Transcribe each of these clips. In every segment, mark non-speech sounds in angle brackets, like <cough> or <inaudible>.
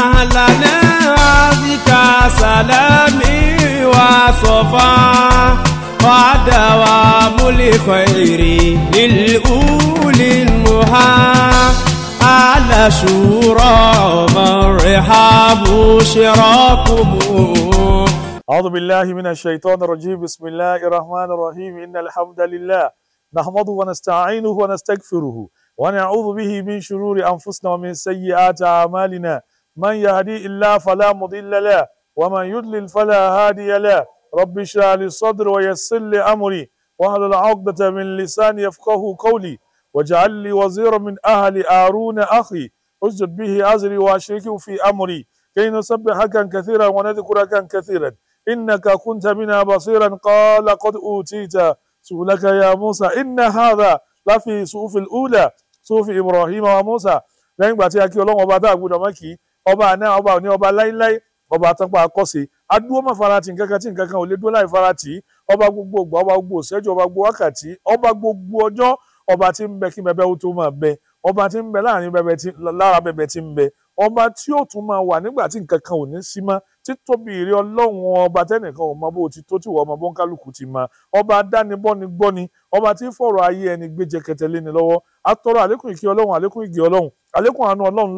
أهلا بك سلامي وصفا ودوام الخير للأولي المها على شورى مرحب شراكم أعوذ بالله من الشيطان الرجيم بسم الله الرحمن الرحيم إن الحمد لله نحمده ونستعينه ونستغفره ونعوذ به من شرور أنفسنا ومن سيئات أعمالنا من يهدي الله فلا مضل له ومن يضلل فلا هادي له رب اشرح لي صدر ويسر لي امري واهل العقدة من لساني يفقه قولي واجعل لي وزيرا من اهل ارون اخي اسجد به ازري واشركه في امري كي نسبحك كثيرا ونذكرك كثيرا انك كنت بنا بصيرا قال قد اوتيت سؤلك يا موسى ان هذا لفي صوف الاولى صوف ابراهيم وموسى لين باتي اكي اولون وبادا ابو دمكي ọba àná ọba òní ọba láíláí ọba àtọ́pá akọ́sẹ̀ adúró má farati nkankan tí nkankan ò lè dúró farati ọba gbogbo ògbà ọba gbogbo òṣẹ́jú ọba gbogbo wákàtí ọba gbogbo ọjọ́ ọba tí ń bẹ kí bẹbẹ ó tó máa bẹ ọba tí ń bẹ láàrin bẹbẹ tí lára bẹbẹ tí ń bẹ ọba tí ó tún máa wà nígbà tí ò ní sí ọba tẹ́nìkan ò mọ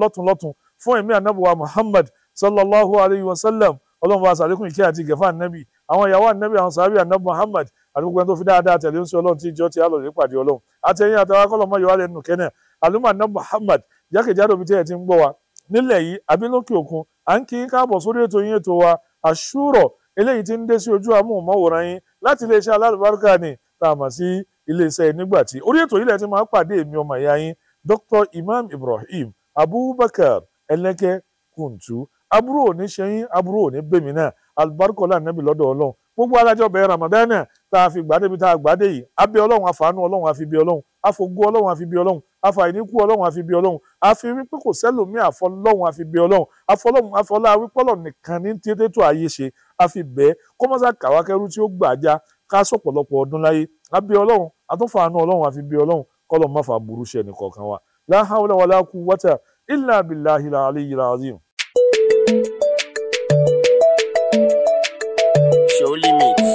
ti tó fún ẹ̀mí ànábùwà Muhammad sallallahu alayhi wa sallam ọlọ́run bá sàlékún ìkẹ́ àti ìgẹ̀fà ànábì àwọn ìyàwó ànábì àwọn sàábì ànábì Muhammad àdúgbò ẹni tó fi dáadáa tẹ̀lé ń sọ ọlọ́run tí ìjọ ti á lọ́ọ̀dẹ́ pàdé ọlọ́run àtẹ̀yìn àtàwọn akọ́lọ́mọ yọ alẹ́ nù kẹ́nẹ̀ àlùmọ̀ ànábì Muhammad jákèjádò bí tẹ́ẹ̀ ti ń gbọ́ wa nílẹ̀ yìí àbí lókè òkun à ń kí káàbọ̀ sórí ètò yín ètò wa àṣúrọ̀ eléyìí ti ń dé sí ojú amóhùnmáwòrán yín láti iléeṣẹ́ alálùbáríkà ni tá a mọ̀ sí iléeṣẹ́ nígbàtí orí ètò yìí lẹ́ẹ̀ máa pàdé èmi ọmọ ìyá yín Dr Imam Ibrahim Abubakar ẹlẹ́kẹ́ kùntù aburú òní ṣẹyìn aburú òní bèmí náà alùbáríkọlá nẹbi lọ́dọ̀ Ọlọ́run gbogbo alájọ bẹ̀rẹ̀ ramadana tá a fi gbàdé bi tá a gbàdé yìí abẹ Ọlọ́run àfàànú Ọlọ́run àfi bí Ọlọ́run àfogó Ọlọ́run àfi bí Ọlọ́run àfàìníkù Ọlọ́run àfi bí Ọlọ́run àfi wípé kò sẹ́lòmí àfọlọ́run àfi bí Ọlọ́run àfọlọ́run àfọlá wípọlọ nìkan ní tètè tó ayé ṣe àfi bẹ́ẹ̀ kọmọsá kàwákẹrù tí ó gbàjá ká sọ̀pọ̀lọpọ̀ ọdún láyé abẹ Ọlọ́run àtúnfàànú Ọlọ́run àfi bí Ọlọ́run kọlọ má fà burú ṣe ẹnì kọ̀ọ̀kan wa láhàwọlẹ wàlá kú wọtà إلا بالله العلي العظيم Show limits.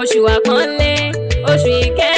oṣù àpọ́nlé oṣù ìkẹ́.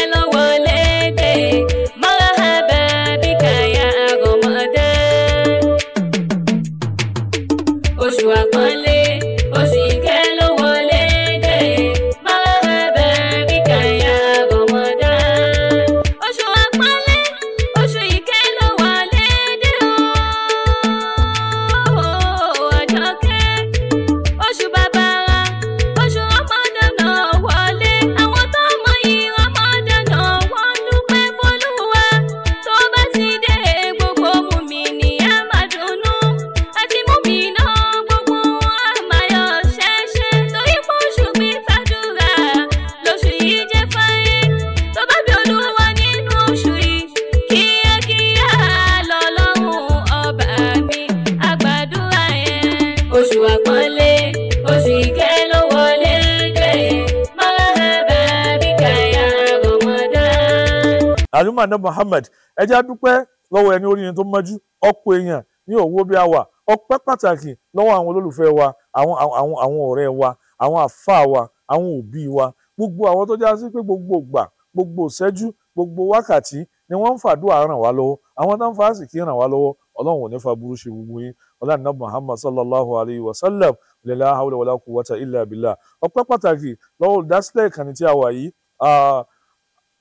àlùmọ̀ náà Muhammad ẹja dúpẹ́ lọ́wọ́ ẹni orí ni tó mọ́jú ọ̀pọ̀ èèyàn ní òwò bí a wà ọpẹ́ pàtàkì lọ́wọ́ àwọn olólùfẹ́ wa àwọn àwọn àwọn ọ̀rẹ́ wa àwọn àfáà wa àwọn òbí wa gbogbo àwọn tó já sí pé gbogbo ìgbà gbogbo ìṣẹ́jú gbogbo wákàtí ni wọ́n ń fàdúrà ràn wá lọ́wọ́ àwọn tó ń fa àsìkí ràn wá lọ́wọ́ ọlọ́run ò ní fa burú ṣe gbogbo yín ọlọ́run náà muhammad sallallahu alayhi wa sallam lẹ́la hawla wàlá quwwata illa billah ọpẹ́ pàtàkì lọ́wọ́ olùdásílẹ̀ ìkànnì tí a wà yìí ah,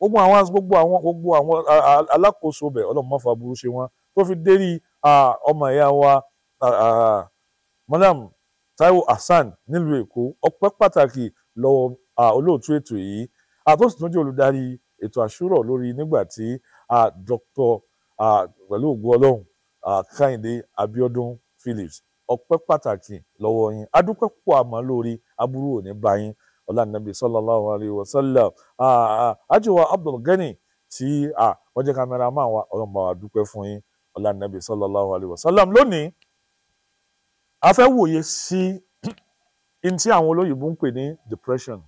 gbogbo àwọn gbogbo àwọn gbogbo àwọn alákòóso bẹ̀ ọlọ́run má fa burú ṣe wọn tó fi dérí ọmọ ìyá wa madam Taiwo Hassan nílùú Èkó ọpẹ́ pàtàkì lọ́wọ́ olóòtú ètò yìí àtúnṣe tó jẹ́ olùdarí ètò àṣúrọ̀ lórí nígbà tí Dr. pẹ̀lú ògùn ọlọ́run Kẹ́hìndé abiodun Phillips ọpẹ́ pàtàkì lọ́wọ́ yín adúpẹ́ pọ̀ àmọ́ lórí aburú òní bá ọlànàbí sallallahu alayhi wa sallam àjùwà Abdul Gani tí wọ́n jẹ́ cameraman wa ọlọ́run bá wa dúpẹ́ fún yín ọlànàbí sallallahu alayhi wa sallam lónìí a fẹ́ wòye sí <clears throat> in tí àwọn olóyìnbó ń pè ní depression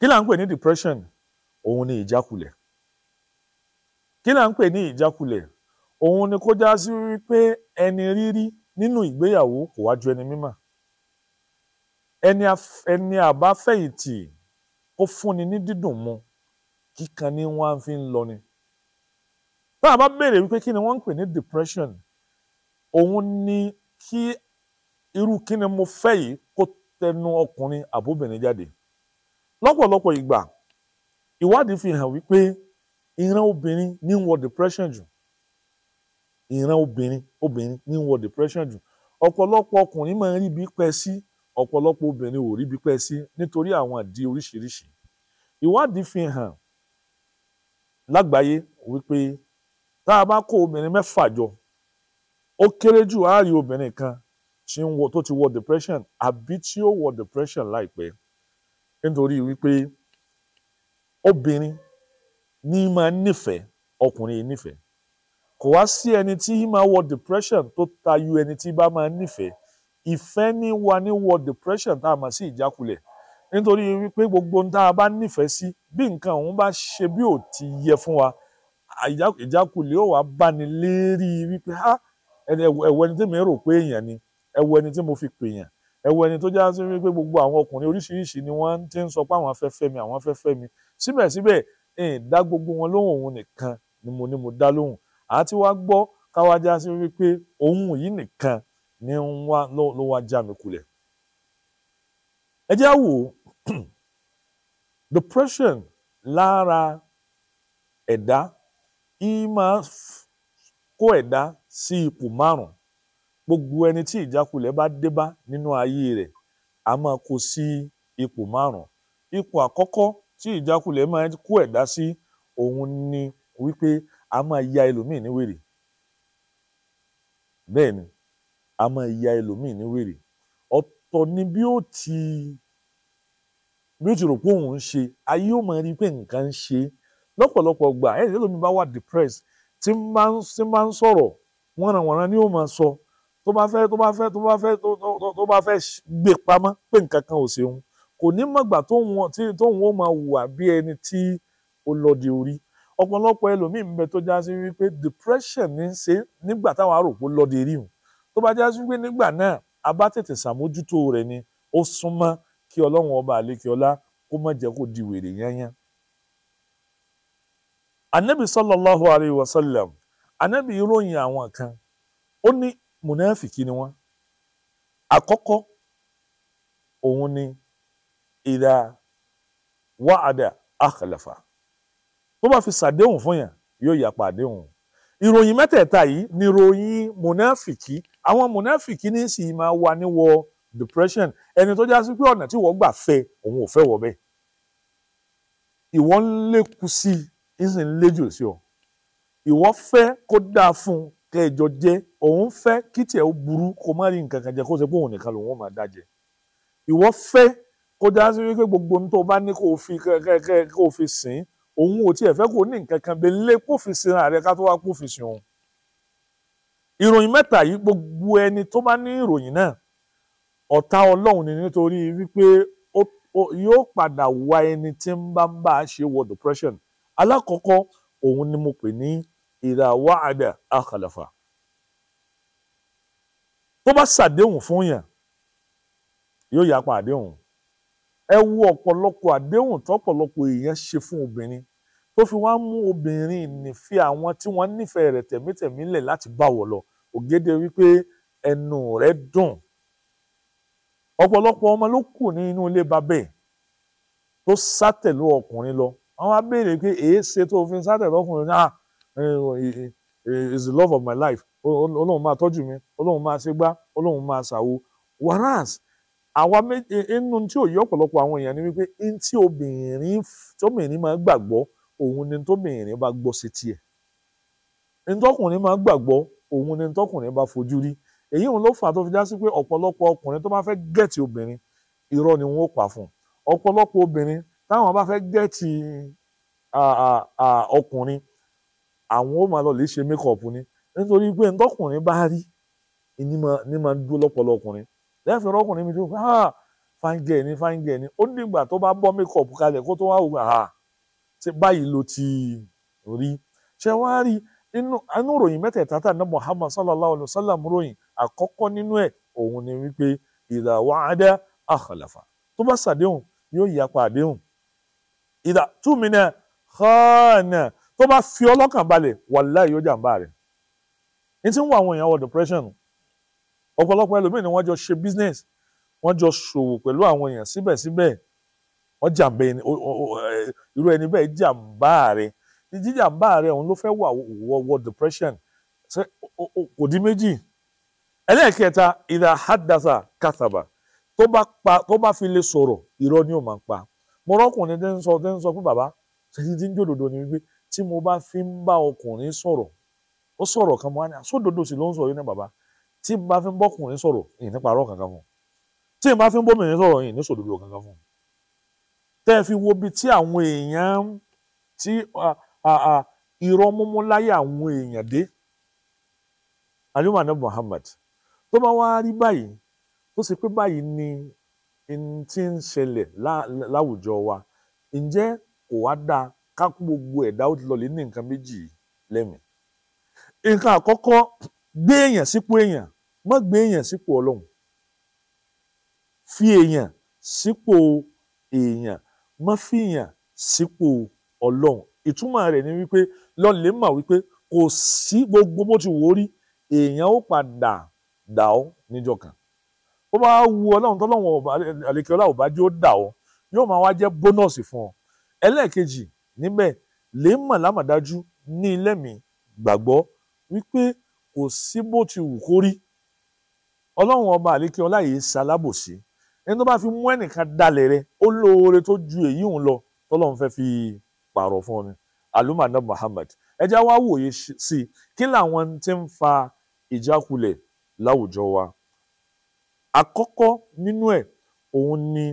kí là ń pè ní depression òun ni ìjákulẹ̀ kí là ń pè ní ìjákulẹ̀ òun ni kó já sí wípé ẹni rírí nínú ìgbéyàwó kò wá ẹni mímọ̀ ẹni àbáfẹ̀yìntì ó fúnni ní dídùn mu kíkan ní wọ́n á fi ń lọ ni. bá a bá béèrè wípé kí ni wọ́n ń pè ní depression òun ni kí irú kí ni mo fẹ́ yìí kó tẹnu ọkùnrin àbóbìnrin jáde lọ́pọ̀lọpọ̀ ìgbà ìwádìí fi hàn wípé ìran obìnrin ní wọ depression jù ìran obìnrin obìnrin ní wọ depression jù ọ̀pọ̀lọpọ̀ ọkùnrin máa ń rí ibi pẹ́ sí. Si ọ̀pọ̀lọpọ̀ obìnrin ò rí ibi pẹ́ sí nítorí àwọn ìdí oríṣiríṣi ìwádìí fi hàn lágbàáyé wípé tá a bá kó obìnrin mẹ́fà jọ ó kéré jù á rí obìnrin kan tó ti wọ depression àbí tí ó wọ depression láìpẹ́ nítorí wípé obìnrin ní máa nífẹ̀ẹ́ ọkùnrin nífẹ̀ẹ́ kò wá sí ẹni tí máa wọ depression tó tayọ ẹni tí bá máa nífẹ̀ẹ́ ìfẹ́ ní wa ní wọ depression tá a mọ̀ sí ìjákulẹ̀ nítorí pé gbogbo ohun tá a bá nífẹ̀ẹ́ sí bí nǹkan òun bá ṣe bí ò ti yẹ fún wa ìjákulẹ̀ ò wá báni lérí wípé ha ẹ̀wọ̀ ẹni tí mi rò pé èèyàn ni ẹ̀wọ̀ ẹni tí mo fi pè yàn ẹ̀wọ̀ ẹni tó já sí wípé gbogbo àwọn ọkùnrin oríṣiríṣi ni wọ́n ti ń sọ pé àwọn fẹ́ fẹ́ mi àwọn fẹ́ fẹ́ mi síbẹ̀síbẹ̀ dá gbogbo wọn lóhùn òun nìkan ni mo ni mo dá lóhùn àti wá gbọ́ káwájá sí wípé òun yìí nìkan ní ń wá ló wá já mi kulẹ̀. ẹ jẹ́ wò ó <clears throat> depression lára ẹ̀dá yìí máa kó ẹ̀dá sí ipò márùn-ún gbogbo ẹni tí ìjákulẹ̀ bá dé bá nínú ayé rẹ̀ a máa kó sí ipò márùn-ún ipò àkọ́kọ́ tí ìjákulẹ̀ máa kó ẹ̀dá sí òun ni wípé a máa ya ẹlòmíì ní bẹ́ẹ̀ ni a máa ya ẹlòmíì ní wèrè ọ̀tọ̀ ni bí ó ti bí ó ti rò pé òun ń ṣe ayé ó máa rí pé nǹkan ń ṣe lọ́pọ̀lọpọ̀ gbà ẹ̀ ẹ́ lómi bá wà depressed tí máa ń tí máa ń sọ̀rọ̀ wọ̀nranwọ̀nran ni ó máa sọ tó bá fẹ́ tó bá fẹ́ tó bá fẹ́ tó bá fẹ́ gbé pamọ́ pé nǹkan kan ò ṣeun kò ní mọ̀gbà tóun ó máa wùwà bí ẹni tí ó lọ di orí ọ̀pọ̀lọpọ̀ ẹlòmíì ń bẹ tó já sí wípé depression ní í ṣe nígbà táwọn àròpọ̀ lọ di rí tó bá jásí pé nígbà náà a bá tètè ṣàmójútó rẹ̀ ni ó súnmọ́ kí ọlọ́run ọba àlekèọlá kó má jẹ́ kó di wèrè yányán. anabi sallallahu alayhi wa sallam anabi ìròyìn àwọn kan ó ní munafiki ni wọ́n àkọ́kọ́ òun ni ìdá wàhádà àkàlàfà tó bá fi ṣàdéhùn fún yàn yóò yàpá àdéhùn ìròyìn mẹ́tẹ̀ẹ̀ta yìí ni ìròyìn munafiki àwọn mùnáfìkì ní sì máa wà níwọ depression ẹni tó já sí pé ọ̀nà tí wọ́n gbà fẹ́ òun ò fẹ́ wọ bẹ́ẹ̀ ìwọ ń lékú sí i ń sì ń léjò sí ọ ìwọ fẹ́ kó dáa fún un kẹjọ jẹ òun fẹ́ kí tiẹ̀ ó burú kó má rí nǹkan kan jẹ kó ṣe pé òun nìkan lòun ó máa dá jẹ ìwọ fẹ́ kó dá sí wípé gbogbo ohun tó bá ní kó o fi kó fi sìn òun ò tiẹ̀ fẹ́ kó ní nǹkan kan bẹ́ẹ̀ lé kó fi sin ààrẹ ká tó wá kó fi sìn òun ìròyìn mẹ́ta yìí gbogbo ẹni tó bá ní ìròyìn náà ọ̀tá ọlọ́run ni nítorí wípé yóò padà wá ẹni tí ń bá ń bá a ṣe wọ depression alákọ̀ọ́kọ́ òun ni mo pè ní ìràwọ̀ àdà àkàlàfà tó bá ṣàdéhùn fún yàn yóò yapa àdéhùn ẹ wo ọ̀pọ̀lọpọ̀ àdéhùn tọ́pọ̀lọpọ̀ èèyàn ṣe fún obìnrin tó fi wá mú obìnrin nífẹ̀ẹ́ àwọn tí wọ́n nífẹ̀ẹ́ rẹ̀ tẹ̀mítẹ̀mí lẹ̀ láti bá wọ̀ lọ ògèdè wípé ẹnu rẹ̀ dùn ọ̀pọ̀lọpọ̀ ọmọ ló kù ní inú ilé babẹ́ tó sátẹ̀lú ọkùnrin lọ àwọn á béèrè pé èé tó fi sátẹ̀lú ọkùnrin náà ah, is the love of my life olóhùn máa tọ́jú mi olóhùn máa ṣe gbá olóhùn máa ṣàwo whereas àwa méje inú tí ò yí ọ̀pọ̀lọpọ̀ àwọn èèyàn ni wípé ntí obìnrin tóbìnrin máa gbàgbọ́ òun ni tóbìnrin bá gbọ́ sétí ẹ̀ ntọ́kùnrin máa gbàgbọ́ òun ni ntọ́kùnrin bá fojú rí èyí òun ló fà tó fi já sí pé ọ̀pọ̀lọpọ̀ ọkùnrin tó bá fẹ́ gẹ̀tì obìnrin irọ́ ni wọ́n pa fún ọ̀pọ̀lọpọ̀ obìnrin táwọn bá fẹ́ gẹ̀tì ọkùnrin àwọn ó máa lọ lè ṣe mékọ̀ọ̀pù ni nítorí pé ntọ́kùnrin bá rí ni máa dúró lọ́pọ̀lọ ọkùnrin lẹ́fẹ̀ẹ́ ọkùnrin mi tó fáńgẹ̀ ni fáńgẹ̀ ni ó dìgbà tó bá bọ́ mékọ̀ọ̀pù kalẹ̀ kó tó wá wù á ṣe báyìí ló ti rí ṣe wá rí inú ròyìn mẹ́tẹ̀ẹ̀ta tá ní Muhammad sallallahu alayhi wa sallam ròyìn àkọ́kọ́ nínú ẹ̀ òun ni wípé ìdá wàhádà àkàlàfà tó bá ṣàdéhùn yóò yapa àdéhùn ìdá túmínà khana tó bá fi ọlọ́kàn balẹ̀ wàláì yóò jàǹbá rẹ̀ ní tí ń wọ àwọn èèyàn wọ depression ọ̀pọ̀lọpọ̀ ẹlòmíì ni wọ́n jọ ṣe business wọ́n jọ ṣòwò pẹ̀lú àwọn èèyàn síbẹ̀síbẹ̀ wọ́n jàǹbá ẹni irú ẹni bẹ́ẹ̀ jàǹbá rẹ ní rẹ òun ló fẹ́ wà wọ depression ṣe kò di méjì ẹlẹ́ẹ̀kẹta ìdá hadasa kathaba tó bá tó bá fi lè sọ̀rọ̀ irọ́ ni ó máa ń pa mo rọ́kùnrin sọ ń sọ ń jòdòdò ni wípé tí mo bá fi ń bá ọkùnrin sọ̀rọ̀ ó tí mo bá fi ń bọ́kùnrin sọ̀rọ̀ tí mo bá fi ń bọ́mìnrin tẹ́ ẹ fi wo bí tí àwọn èèyàn tí irọ́ múmú láyé àwọn èèyàn dé alimani Muhammad tó bá wá rí báyìí tó sì pé báyìí ni ti ń ṣẹlẹ̀ láwùjọ wa ǹjẹ́ kò wá dáa ká kó gbogbo ẹ̀dá ó ti lọ lé ní nǹkan méjì lẹ́mìí nǹkan àkọ́kọ́ gbé èèyàn sípò èèyàn má gbé èèyàn sípò ọlọ́run fi èèyàn sípò èèyàn má fìyàn sípò ọlọ́run ìtumọ̀ rẹ̀ ni wípé lọ́lẹ̀ mà wípé kò sí gbogbo bó ti wò ó rí èèyàn ó padà dà ọ́ níjọ́ kan ó bá wu ọlọ́run tọ́lọ́run àlekè ọlá ọba jẹ́ ó dà ọ́ yóò máa wá jẹ́ bónọ́ọ̀sì fún ọ ẹlẹ́ẹ̀kejì níbẹ̀ lè mọ̀ lámàdájú ní ilé mi gbàgbọ́ wípé kò sí bó ti wù kó ọlọ́run ọba àlekè ọlá yìí ṣalábòsí ẹni tó bá fi mú ẹnìkan dalẹ̀ rẹ ó lóore tó ju èyí òun lọ tọ́lọ́run fẹ́ fi pààrọ̀ fún ọ ni alumana Muhammad ẹ já wá wòye sí i kí làwọn tí ń fa ìjákulẹ̀ láwùjọ wa àkọ́kọ́ nínú ẹ̀ òun ni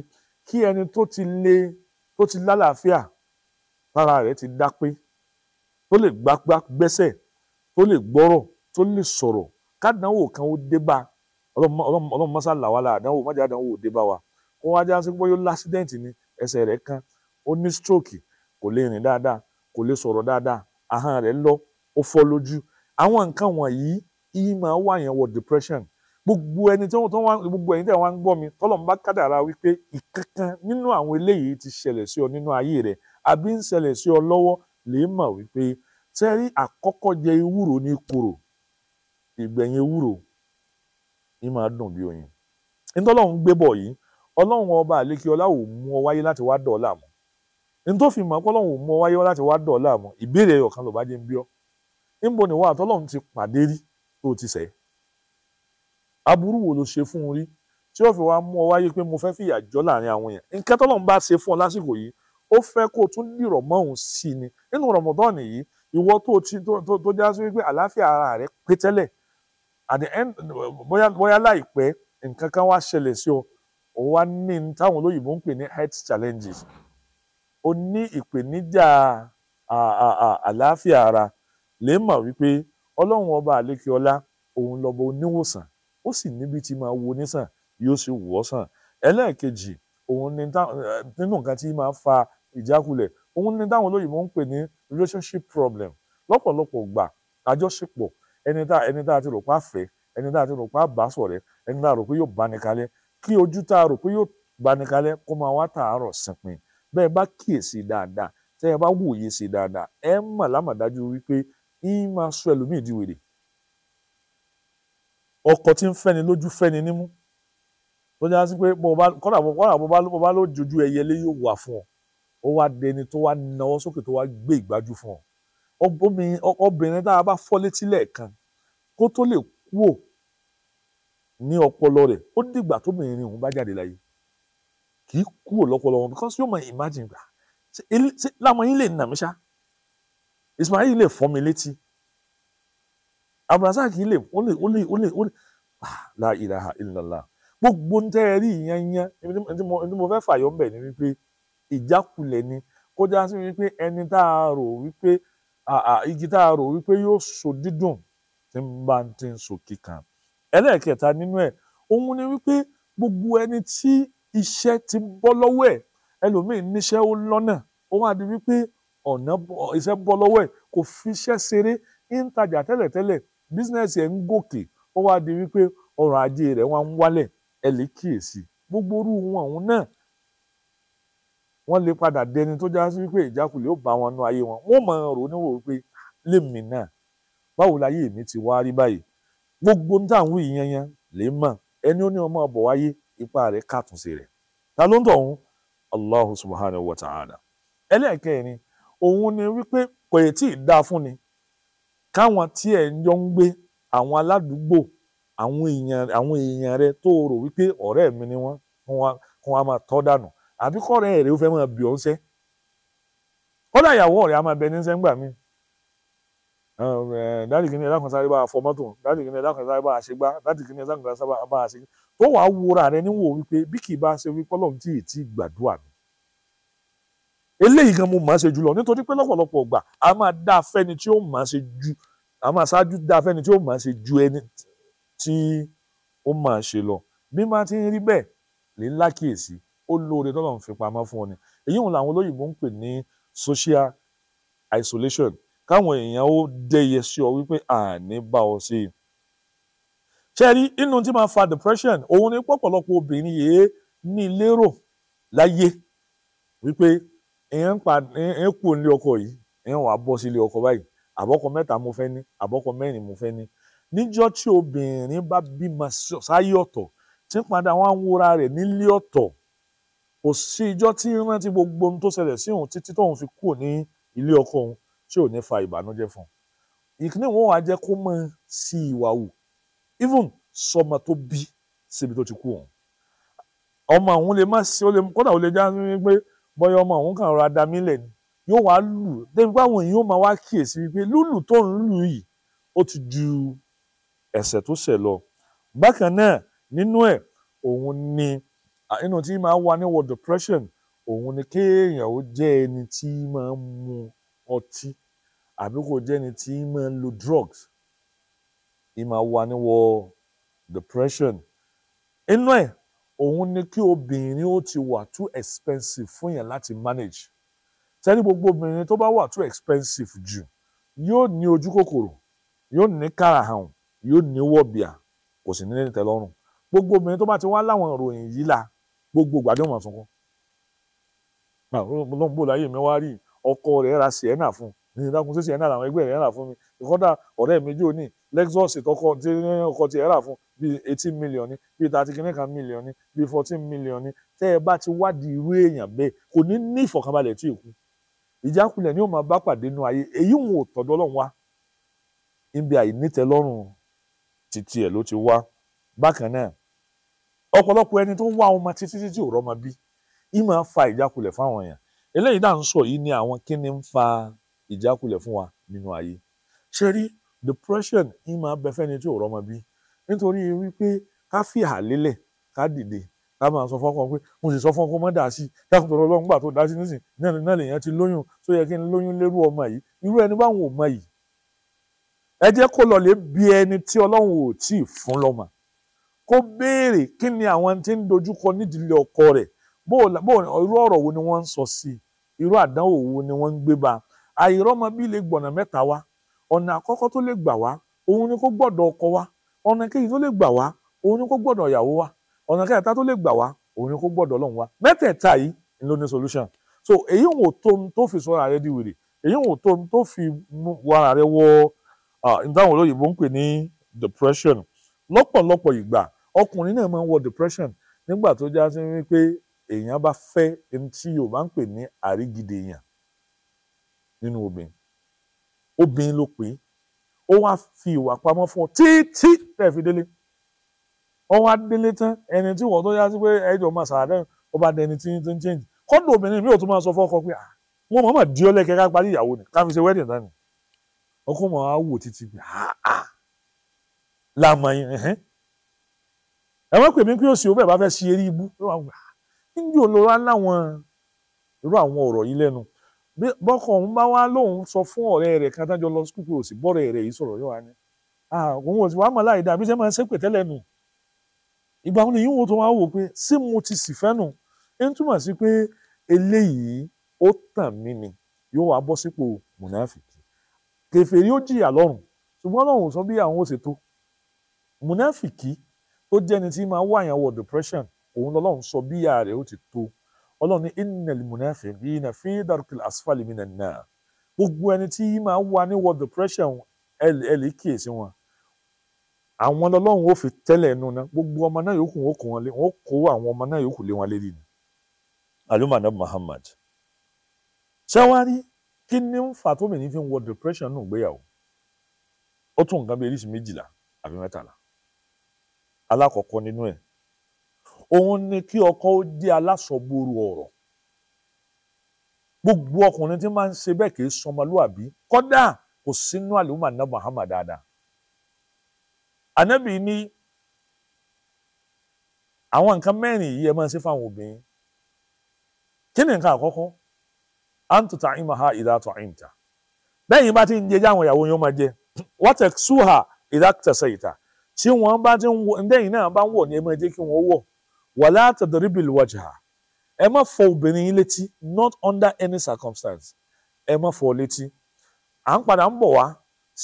kí ẹni tó ti lé tó ti lálàáfíà lára rẹ̀ ti dá tó lè gbágbá gbẹ́sẹ̀ tó lè gbọ́rọ̀ tó lè sọ̀rọ̀ kádàáwò kan ó dé ọlọ́run mọ́sá là wá lára àdánwò mọ́jà àdánwò òde bá wa ó wá já sí pé yóò lásídẹ̀ǹtì ni ẹsẹ̀ rẹ̀ kan ó ní stroke kò lè rìn dáadáa kò lè sọ̀rọ̀ dáadáa ahọ́n rẹ̀ lọ ó fọ́ lójú àwọn nǹkan wọ̀nyí yìí máa wà yẹn wọ depression gbogbo ẹni tí wọ́n wá gbogbo ẹni tí wọ́n ń gbọ́ mi tọ́lọ̀ ń bá kádàrá wípé ìkankan nínú àwọn eléyìí ti ṣẹlẹ̀ sí ọ nínú ayé rẹ̀ àbí ń ṣẹlẹ̀ sí ọ lọ́wọ́ lè mọ̀ wípé tẹ́rí àkọ́kọ́ jẹ ewúro ní korò ìgbẹ̀yìn ewúro ń máa dùn bí oyin nítorí ọlọ́run gbé bọ̀ yìí ọlọ́run ọba àlékí ọlá ò mú ọ wáyé láti wá dọ̀ọ́ láàmú nítorí fi mọ̀ pé ọlọ́run ò mú ọ wáyé láti wá dọ̀ọ́ láàmú ìbéèrè ọ̀kan ló bá jẹ́ ń bí níbo ni wà tọ́lọ́run ti pàdé rí tó ti ṣẹ̀ aburú wo ló ṣe fún un rí tí ó fi wá mú ọ wáyé pé mo fẹ́ fìyà jọ láàrin àwọn yẹn nǹkan tọ́lọ́run bá ṣe fún ọ lásìkò yìí ó fẹ́ kó o tún dìrọ̀ mọ́ òun sí ni nínú rọ̀mọ̀dọ́ọ̀nì yìí ìwọ tó já sí wípé àlàáfíà ara rẹ pé at the end bóyá bóyá láìpẹ́ nǹkan kan wá ṣẹlẹ̀ sí o òun wá ní táwọn olóyìnbó ń pè ní health challenges ó ní ìpèníjà àlàáfíà ara lè mọ̀ wípé ọlọ́run ọba àlékeọlá òun lọ́ba oníwòsàn ó sì níbi tí máa wo onísàn yóò sì wò ọ́ sàn ẹlẹ́ẹ̀kejì òun ni nínú nǹkan tí máa fa ìjákulẹ̀ òun ni táwọn olóyìnbó ń pè ní relationship problem lọ́pọ̀lọpọ̀ gbà àjọṣepọ̀ ẹni tá ẹni tá a ti rò pa fẹ́ ẹni tá a ti rò pa bá ṣọ̀rẹ́ ẹni tá a rò pé yóò báni kalẹ̀ kí ojú tá a rò pé yóò báni kalẹ̀ kó máa wá tààrọ̀ sinpin bẹ́ẹ̀ bá kíyèsí dáadáa tẹ́ ẹ bá wòye sí dáadáa ẹ mọ̀ lámàdájú wípé yín máa sọ ẹlòmíì di wèrè ọkọ tí ń fẹ́ni lójú fẹ́ni nímú tó já sí kọ́nà bó bá ló ẹyẹlé yóò wà fún ọ ó wá dẹni tó wá nawọ́ sókè tó wá gbé ìgbájú fún ọ obìnrin tá a bá fọ́ létí lẹ́ẹ̀kan kó tó lè kúò ní ọpọlọ rẹ̀ ó dìgbà tóbìnrin òun bá jáde láyé kì í kúò lọ́pọlọ wọn because yóò máa imagine gbà ah, ṣe lámọ yín lè nà mí ṣá Ismail yìí lè fọ́ mi létí Abdulrasaq yìí lè ó lè ó lè ó lè ó lè ah, la ilaha illallah gbogbo ń tẹ́ ẹ rí ìyẹn yẹn ẹni mo fẹ́ fàyọ́ ń bẹ̀ ni wípé ìjákulẹ̀ ni kó já sí wípé ẹni tá a rò wípé igi tá a rò wípé yóò so dídùn tí ń bá ń ti ń so kíkan ẹlẹ́ẹ̀kẹta nínú ẹ̀ òun ni wípé gbogbo ẹni tí iṣẹ́ ti bọ́ lọ́wọ́ ẹ̀ ẹlòmíì níṣẹ́ ó lọ́nà ó wá di wípé ọ̀nà iṣẹ́ bọ́ lọ́wọ́ ẹ̀ kò fi ṣeré ń tajà tẹ́lẹ̀tẹ́lẹ̀ bísínẹ́sì ẹ̀ ń gòkè ó wá di wípé ọrọ̀ ajé rẹ̀ wá ń wálẹ̀ ẹ̀ lè kíyèsí gbogbo orú wọn òun náà wọn lè padà dẹni tó já sí wípé ìjákulẹ̀ ó bá wọn nú ayé wọn wọ́n máa rò níwò wípé lèmi náà báwo láyé mi ti wá rí báyìí gbogbo ní táwọn ìyẹn yẹn lè mọ̀ ẹni ó ní ọmọ ọbọ̀ wáyé ipa rẹ kàtúnṣe rẹ. ta ló ń tọhún allahu subhanahu wa ta'ala ẹlẹ́ẹ̀kẹrin òun ni wípé kò yẹ tí ì dáa fún ni káwọn tí ẹ̀ ń jọ ń gbé àwọn aládùúgbò àwọn èèyàn àwọn èèyàn rẹ tó rò wípé ọ̀rẹ́ mi ni wọ́n kún wa máa tọ́ dànù àbí kọ́ọ̀rẹ́ rẹ̀ ó fẹ́ máa bì ọ́ ń sẹ́ kọ́dà ìyàwó ọ̀rẹ́ a máa bẹ ní sẹ́ńgbà mi dáàdì kìíní ẹ̀dá kan sáré bá a fọ mọ́tò dáàdì kìíní ẹ̀dá kan sáré bá a ṣe gbá dáàdì kìíní ẹ̀dá kan sáré bá a ṣe gbá tó wàá wúra rẹ níwò wípé bí kì í bá ṣe wípé ọlọ́run tí ì tí ì gbàdúrà mi eléyìí gan mo máa ṣe jùlọ nítorí pé lọ́pọ̀lọpọ̀ ìgbà a máa dá fẹ́ni tí ó máa ṣe ju a máa ṣáájú dá fẹ́ni tí ó máa ṣe ju ẹni tí ó máa ṣe lọ bí máa ti ń rí bẹ́ẹ̀ lè ń lákìyèsí ó lóore tó lọ́n fi pamọ́ fún ọ ni èyí òun làwọn olóyìnbó ń pè ní social isolation káwọn èèyàn ó dẹyẹ sí ọ wípé àní bá ọ sí i. ṣe inú tí máa fa depression òun ni pọ̀pọ̀lọpọ̀ obìnrin yìí ní lérò láyé wípé èèyàn ń pa èèyàn kú nílé ọkọ yìí èèyàn wàá bọ́ sí ilé ọkọ báyìí àbọ́kọ mẹ́ta mo fẹ́ ní àbọ́kọ mẹ́rin mo fẹ́ ní níjọ́ tí obìnrin bá bímọ sáyé ọ̀tọ̀ tí ń padà wọn á wúra rẹ̀ nílé ọ̀tọ̀ kò sí ijọ́ tí ń rántí gbogbo ohun tó ṣẹlẹ̀ sí òun títí tóun fi kúrò ní ilé ọkọ òun tí ò ní fa ìbànújẹ́ fún un ìkíní wọn wàá jẹ́ kó mọ sí ìwà wù even sọmọ tó bí síbi tó ti kú òun ọmọ òun lè má sí kódà ó lè já pé bọ́yá ọmọ òun kàn rọra da mílẹ̀ ni yóò wá lù débi pé àwọn èèyàn máa wá kíyèsí wípé lùlù tó ń lù yìí ó ti ju ẹ̀ṣẹ̀ tó ṣẹ̀ lọ bákan náà nínú ẹ̀ òun ni Ah, inú tí máa ń wà níwọ̀ depression òun ni kéèyàn ó jẹ́ ẹni tí máa ń mu ọtí àbí kò jẹ́ ẹni tí máa ń lo drugs ìmọ̀ wà níwọ̀ depression inú ẹ̀ òun ni kí obìnrin ó ti wà too expensive fún yẹn láti manage tẹ́lẹ̀ gbogbo obìnrin tó bá wà too expensive jù yóò ní ojú kòkòrò yóò ní kárahàn yóò ní wọ̀bìà kò sì ní ní tẹ́lọ́rùn gbogbo obìnrin tó bá ti wá láwọn ìròyìn yìí la gbogbo ìgbà ni wọ́n máa sunkún ló ń bò láyé mi wá rí ọkọ rẹ̀ ra sienna fún un ní ìdákun sí sienna làwọn ẹgbẹ́ rẹ̀ rà fún mi ìkọ́dà ọ̀rẹ́ mi jò ní lexus tọkọ tí ọkọ tiẹ̀ rà fún bíi eighteen million ní bíi thirty kìíní kan million ní bíi fourteen million ní tẹ́ ẹ bá ti wádìí irú èèyàn bẹ́ẹ̀ kò ní ní ìfọ̀kànbalẹ̀ tí ìkú ìjákulẹ̀ ni ó máa bá pàdé nu ayé èyí wò tọ́dọ̀ Ọlọ́run wá níbi àìnítẹ́lọ́rùn títí ẹ̀ ló ti wá bákan náà ọ̀pọ̀lọpọ̀ ẹni tó ń wá ọmọ títí títí ò rọ́mọ bí í máa fa ìjákulẹ̀ fáwọn èèyàn eléyìí náà ń sọ yìí ni àwọn kíni ń fa ìjákulẹ̀ fún wa nínú ayé ṣe rí depression í máa bẹ fẹ́ni tí ò rọ́mọ bí nítorí wípé ká fi àlélẹ̀ ká dìde ká máa sọ fọ́kàn pé mo sì sọ fún ọkọ mọ́ dà sí dákun tọrọ ọlọ́run gbà tó dá sí nísìn náà lèèyàn ti lóyún tó yẹ kí n lóyún lérú ọmọ yìí irú ẹni báwọn ò mọ yìí ẹ jẹ́ kó lọ lè bí ẹni tí ọlọ́run ò tíì fún lọ́mọ kó béèrè kí ni àwọn tí ń dojúkọ nídìílé ọkọ rẹ̀ irú ọ̀rọ̀ wo ni wọ́n ń sọ sí i irú àdánwò wo ni wọ́n ń gbé bá a àìrọ́mọ bí lè gbọ̀nà mẹ́ta wá ọ̀nà àkọ́kọ́ tó lè gbà wá òun ni kó gbọ́dọ̀ ọkọ ọ̀nà kejì tó lè gbà wá òun ni kó gbọ́dọ̀ ìyàwó ọ̀nà kẹta tó lè gbà wá òun so èyí wò tó tó fi rẹ di wèrè ọkùnrin náà máa ń wọ depression nígbà tó já sí wípé èèyàn bá fẹ́ ẹni tí yóò bá ń pè ní àrígidè èèyàn nínú obìnrin obìnrin ló pè é ó wá fi ìwà pamọ́ fún ọ títí tẹ̀ fi délé ó wá délé tán ẹni tí wọ́n tó já sí pé ẹjọ́ máa sàádẹ́ ó bá dẹni tí ń change kọ́ńdọ̀ obìnrin mi ò tún máa sọ fọ́kọ pé wọ́n mọ̀ mọ̀ di ọ́ lẹ́kẹ́ ká parí ìyàwó ni ká fi ṣe wedding dání ọkọ mọ̀ á wò títí pé àà làmọ̀ yẹn ẹ wọ́n pè mí pé òsì òbẹ̀ bá fẹ́ ṣe eré ibú ah, ló wà wà níbi òlòrò aláwọn irú àwọn ọ̀rọ̀ yìí lẹ́nu bọ́kọ̀ òun bá wá lóun sọ fún ọ̀rẹ́ rẹ̀ kan tájọ lọ sùkúù pé òsì bọ́rẹ̀ rẹ̀ yìí sọ̀rọ̀ yóò wá ní ah, òun ò sì wá mọ̀ láì dáa bí sẹ́ máa ń ṣépè tẹ́lẹ̀ nù ìgbà wọn nìyí wọn tó wá wò pé ṣé mo ti sì fẹ́ nù ń túmọ̀ sí pé eléyìí ó tàn mí ni yóò wá bọ́ sípò mùnáfìkì kèfèrí ó jìyà lọ́rùn ṣùgbọ́n Ọlọ́run sọ bí àwọn ó ṣe tó mùnáfìkì ó jẹ́ ẹni tí máa wà yàn wọ depression òun lọ́lọ́run sọ bí ìyà rẹ̀ ó ti tó ọlọ́run ní innal munafiqina fi darkil asfali minan nar gbogbo ẹni tí máa wà ní wọ depression ẹ lè kíyèsí wọn àwọn lọ́lọ́run ó fi tẹ́lẹ̀ ẹnu ná gbogbo ọmọ náà yòókù wọn kò wọn lé wọn kó àwọn ọmọ náà yòókù lé wọn lé nínú alumana Muhammad ṣẹ́wárí kí ni ń fà tómi fi ń wọ depression nù gbéyàwó ó tún nǹkan bí eréṣin méjìlá àbí mẹ́tàlá alákọ̀ọ́kọ́ nínú ẹ̀ òun ni kí ọkọ ó jẹ́ alásọ̀gbòrò ọ̀rọ̀ gbogbo ọkùnrin tí máa ń ṣe bẹ́ẹ̀ kì í sọmọlúàbí kọ́dà kò sínú àlùmọ̀ àná Muhammad dáadáa ànábì ní àwọn nǹkan mẹ́rin yìí ẹ máa ń ṣe fáwọn obìnrin kí ni nǹkan àkọ́kọ́ antuta imaha ìdàtọ̀ àìmta bẹ́ẹ̀ yìí bá ti ń jẹ́ jáwọn ìyàwó yẹn máa jẹ wọ́n tẹ̀ súhà ìdàtẹ̀sẹ̀ ìta tí wọn bá ti ń wọ náà bá ń wọ̀ ní ẹ máa kí wọ́n wọ̀ wala tadribil wajha ẹ má fọ obìnrin yín létí not under any circumstance ẹ má fọ létí à ń padà ń wá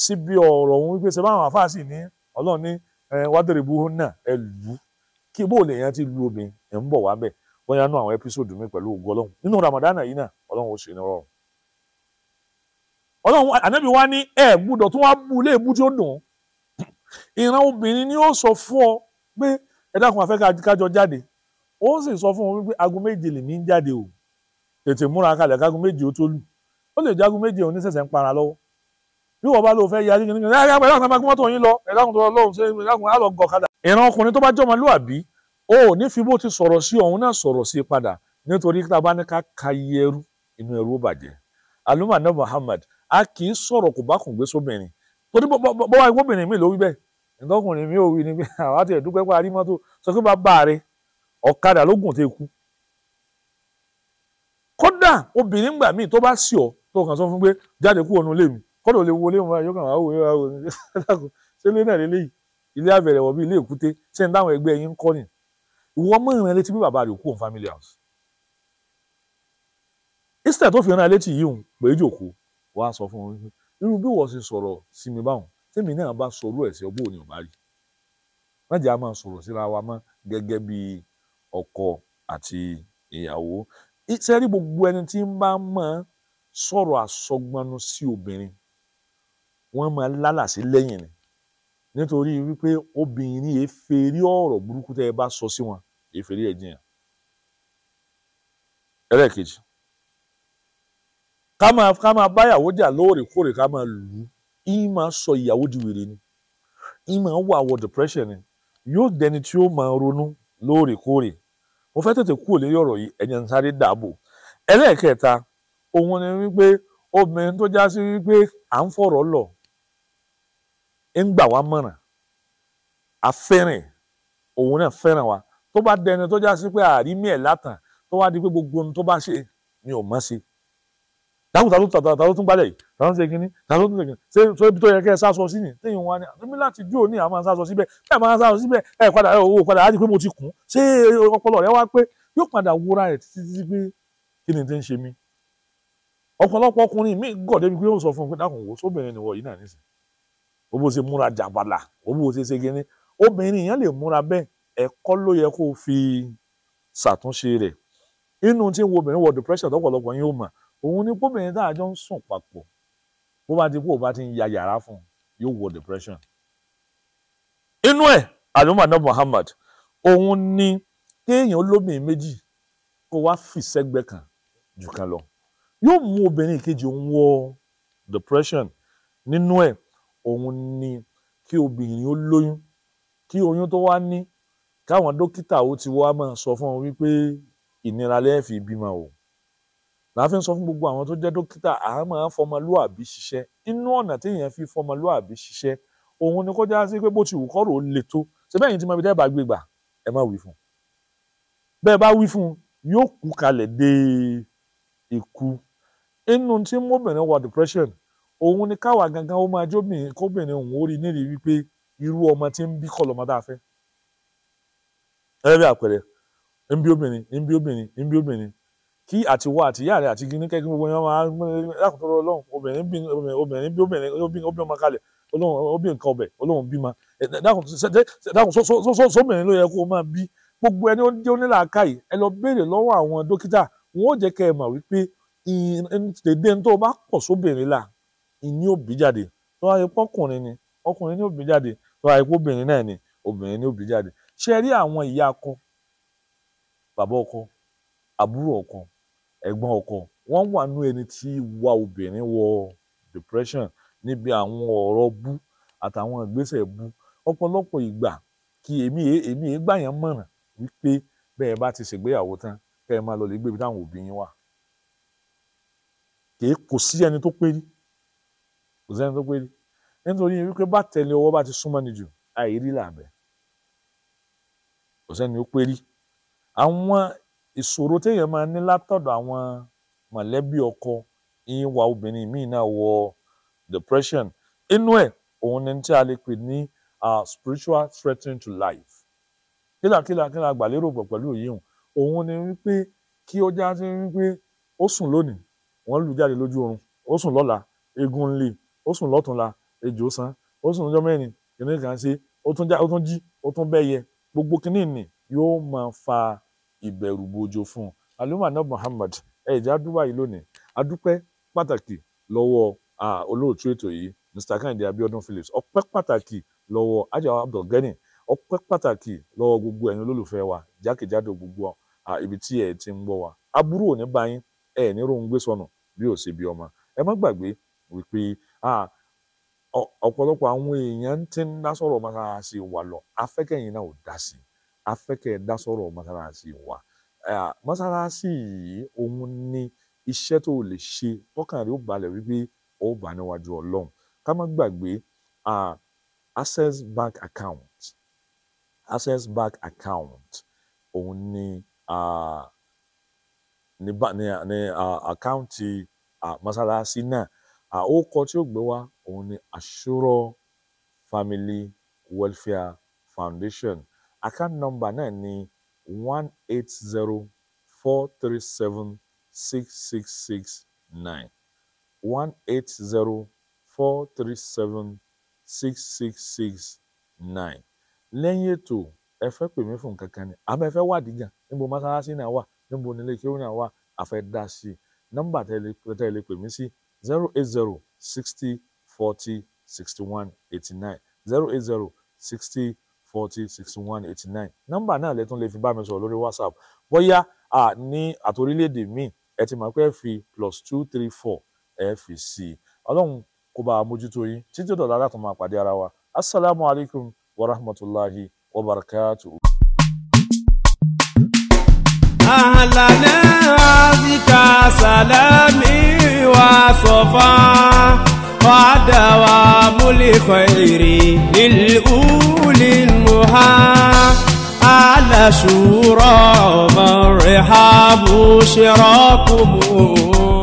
síbi ọ̀rọ̀ òun wípé ṣe báwọn àfáà sì ní ọlọ́run ní wadribuhunna ẹ lù ú kí bó lè ti lu obìnrin ẹ ń wá wá ẹ bú ilé ìbú ìran obìnrin ni ó sọ fún ọ pé ẹ dákun àfẹ́ kájọ jáde ó sì sọ fún wọn wípé aago méje lèmi ń jáde o tètè múra kalẹ̀ kágo méje ó tó lù ó lè jágo méje òun ní sẹ̀sẹ̀ ń para lọ́wọ́ bí wọ́n bá lò fẹ́ yarí kìnìkìnì ẹ dákun ẹ dákun mọ́tò yín lọ ẹ dákun tó lọ́hùn ṣe ẹ dákun á gọ̀ kadà. ìran ọkùnrin tó bá jọmọ lúàbí o ò ní fi bó ti sọ̀rọ̀ sí ọ̀hún náà sọ̀rọ̀ sí padà nítorí tá ka iye ẹrú inú ẹrú ó Muhammad a kì í sọ̀rọ̀ kò bá kùn gbé sóbìnrin torí bọ́wá ìwọ́bìnrin mi ló bẹ́ẹ̀ ìtọ́kùnrin mi ò wí ni pé <laughs> àwa ti ẹ̀dúpẹ́ pa arímọ́tò sọ pé bàbá rẹ ọ̀kadà ló gùn tẹ kú kódà obìnrin gbà míì tó bá sì ọ tó kàn sọ fún pé jáde kúrò nínú ilé mi kódà ò lè wọlé wọn yóò kàn wá wò wá wò <laughs> ṣé ilé náà lélẹ́yìí ilé àbẹ̀rẹ̀ wọ̀ bí ilé èkúté ṣé ń dáhùn ẹgbẹ́ yín ń ìwọ mọ̀ létí bí bàbá rẹ̀ kú òun family house instead tó fi rán ẹ létí yìí òun pé ìjòkó wàá sọ fún un irú bí wọ́n ṣe sọ̀rọ̀ sí mi báwọn tèmi náà bá sọ̀rọ̀ ẹ̀sẹ̀ ọgbọ́n òní ọ̀bá rí májà máa sọ̀rọ̀ síra wa mọ́ gẹ́gẹ́ bí ọkọ àti ìyàwó sẹ́rí gbogbo ẹni tí ń bá mọ̀ sọ̀rọ̀ àsọgbọnú sí obìnrin wọ́n máa lálàsí lẹ́yìn ni nítorí wípé obìnrin yìí fèrè ọ̀rọ̀ burúkú tẹ́ ẹ bá sọ sí wọn èyí fèrè ẹ̀ jiyàn ẹlẹ́ẹ̀kejì ká máa ká máa báyàwó jà lóòrèkóòrè ká máa lù ú yín máa sọ ìyàwó di wèrè ni yín máa wà wọ depression ni yóò dẹni tí ó máa ronú lóòrèkóòrè mo fẹ́ tètè kúrò lórí ọ̀rọ̀ yìí ẹ̀yẹ ń sáré dààbò ẹlẹ́ẹ̀kẹta òun ni wípé obìnrin tó já sí wípé à ń fọ̀rọ̀ lọ̀ ń gbà wá mọ̀ràn afẹ́rìn òun náà fẹ́ràn wa tó bá dẹni tó já sí pé àrímí ẹ̀ látàn tó wá di pé gbogbo ohun tó bá ṣe ni ò mọ̀ sí dákùtà ló tàtà tàtà ló tún gbálẹ̀ yìí tàtà ló tún kíní tàtà ló tún kíní ṣé so ibi tó yẹ ni téèyàn wá ní àmì láti dúró ní àwọn sáṣọ síbẹ̀ bẹ́ẹ̀ máa sáṣọ síbẹ̀ ẹ padà ẹ owó padà láti pé mo ti kùn ṣé ọpọlọ rẹ wá pé yóò padà wúra rẹ títí títí mi gọ̀ débi pé ó sọ fún un pé dákùn wo sóbìnrin ni wọ yìí náà nísìn ó bó ṣe múra jàbàlà ó bó ṣe ṣe kíní obìnrin yẹn lè fi ṣàtúnṣe rẹ̀ inú tí wo obìnrin depression tọ́pọ̀lọpọ̀ yín ó mọ̀ òun ni kóbìnrin tá a jọ ń sùn papọ̀ bó bá ti kú òun bá ti ń ya yàrá fún un yóò wọ depression. inú ẹ̀ alumana Muhammad òun ni kéèyàn lóbìnrin méjì kó wá fìsẹ́gbẹ́ kan jù kan lọ yóò mú obìnrin kejì òun wọ depression nínú ẹ̀ òun ni kí obìnrin ó lóyún kí oyún tó wá ní káwọn dókítà ó ti wá máa sọ fún wọn wípé ìnira lẹ́ẹ̀fì bímọ o làá fi ń sọ fún gbogbo àwọn tó jẹ́ dókítà à máa fọmọlúàbí ṣiṣẹ́ inú ọ̀nà téèyàn fi fọmọlúàbí ṣiṣẹ́ òun ni kó já sí pé bó ti wù kọ́rọ̀ ó le tó ṣe bẹ́ẹ̀ yìí tí mo fi dẹ́ba gbé gbà ẹ má wí fún un bẹ́ẹ̀ bá wí fún un yóò kú kalẹ̀ dé ikú inú tí mọ́bìnrin wọ depression òun ni káwa gangan ó máa jóbìnrin kóbìnrin òun ó rí nílì wípé irú ọmọ tí ń bí kọ́ lọ́mọ tá a fẹ́ ẹ bí àpẹẹrẹ ń bí obìnrin ń bí obìnrin ń bí obìnrin kí àtiwọ àtìyá rẹ àti gíní kẹ́kí gbogbo yẹn máa lákòótọ́rọ́ ọlọ́run obìnrin bí obìnrin bí obìnrin obìnrin ọmọ kalẹ̀ ọlọ́run obìnrin kan ọbẹ̀ ọlọ́run bímọ dákun sóbìnrin ló yẹ kó o máa bí gbogbo ẹni ó ní làákàyè ẹ lọ béèrè lọ́wọ́ àwọn dókítà wọn ó jẹ́ kẹ́ ẹ mọ̀ wípé dédé tó o bá pọ̀ sóbìnrin là ìní òbí jáde tó wáyé pọ́kùnrin ni ọkùnrin ní òbí jáde tó wáyé pọ́bìnrin náà ni obìnrin ní òbí jáde ṣe rí àwọn ìyá ọkọ bàbá ọkọ àbúrò ọkọ ẹ̀gbọ́n ọkọ wọ́n wà nú ẹni tí ìwà obìnrin wọ depression níbi àwọn ọ̀rọ̀ bú àtàwọn ìgbésẹ̀ bú ọ̀pọ̀lọpọ̀ ìgbà kí èmi èmi ìgbà yẹn mọ̀ràn wípé bẹ́ẹ̀ bá ti ṣègbéyàwó tán kẹ́ ẹ máa lọ lè gbé ibi táwọn òbí yín wà kìí kò sí ẹni tó pé rí kò sí ẹni tó pé rí nítorí wípé bá tẹ̀lé ọwọ́ bá ti súnmọ́ ni jù àìrí làbẹ̀ kò sẹ́ni ó pé rí àwọn ìṣòro téèyàn máa ní látọ̀dọ̀ àwọn mọ̀lẹ́bí ọkọ ìyẹn wa obìnrin míì náà wọ depression inú ẹ̀ òun ni tí a lè pè ní spiritual threatening to life kílàkílà kí la gbà lérò pọ̀ pẹ̀lú yìí òun ni wípé kí ó já sí wípé ó sùn lónìí wọ́n lù jáde lójú oorun ó sùn lọ́la egun ń le ó sùn lọ́tùnla ejò san ó sùn lọ́jọ́ mẹ́rin kìnìún ṣe ó tún jí ó tún bẹ́yẹ gbogbo kìnìún ni yóò máa fa ìbẹ̀rù bojo fún un alumana muhammad ẹ̀jẹ̀ adúbà yìí lónìí adúpẹ́ pàtàkì lọ́wọ́ olóòtú ètò yìí mr kehinde abiodun phillips ọpẹ́ pàtàkì lọ́wọ́ ajawa abdulgani ọpẹ́ pàtàkì lọ́wọ́ gbogbo ẹ̀yin olólùfẹ́ wa jákèjádò gbogbo ibi tí ẹ̀ ti ń gbọ́ wa aburú ò ní bá ẹ̀ ní gbé sọnù bí ò sí ẹ ti ń dá sọ̀rọ̀ máa afẹ́kẹ́ dá sọ̀rọ̀ mọ́sálásí wa mọ́sálásí yìí òun ni iṣẹ́ tó lè ṣe tọ́kàn rẹ̀ ó balẹ̀ wípé ó bá níwájú ọlọ́run ká má gbàgbé access bank account access bank account òun ni uh, ní ní ní àkáǹtì mọ́sálásí náà àókọ tí ó gbé wá òun ni àṣúrọ̀ family welfare foundation account number náà ni one eight zero four three seven six six six nine one eight zero four three seven six six six nine lẹ́yìn ètò ẹ fẹ́ pè mí fún kankan ni àmọ́ ẹ fẹ́ wádìí gan níbo mọ́sálásí náà wà níbo nílé kí ó náà wà àfẹ́ dá sí i nọ́mbà tẹ́ lè pè mí sí zero eight zero sixty forty sixty one eighty nine zero eight zero sixty forty sixty one eighty nine nọ́mbà náà lẹ́tún lè fi bá mi sọ̀rọ̀ lórí whatsapp bóyá a ní àtòrílẹ̀èdè míì ẹ ti mọ̀ pé fi plus two three four ẹ fi sí i ọlọ́run kó bá a mójútó yín títí dọ̀là láti máa pàdé ara wa assalamu alaikum wa rahmatulahi wa barakatuhu. أهلاً بك سلامي وصفا ودوام الخير للأولى منها على شورى من رحاب شراكم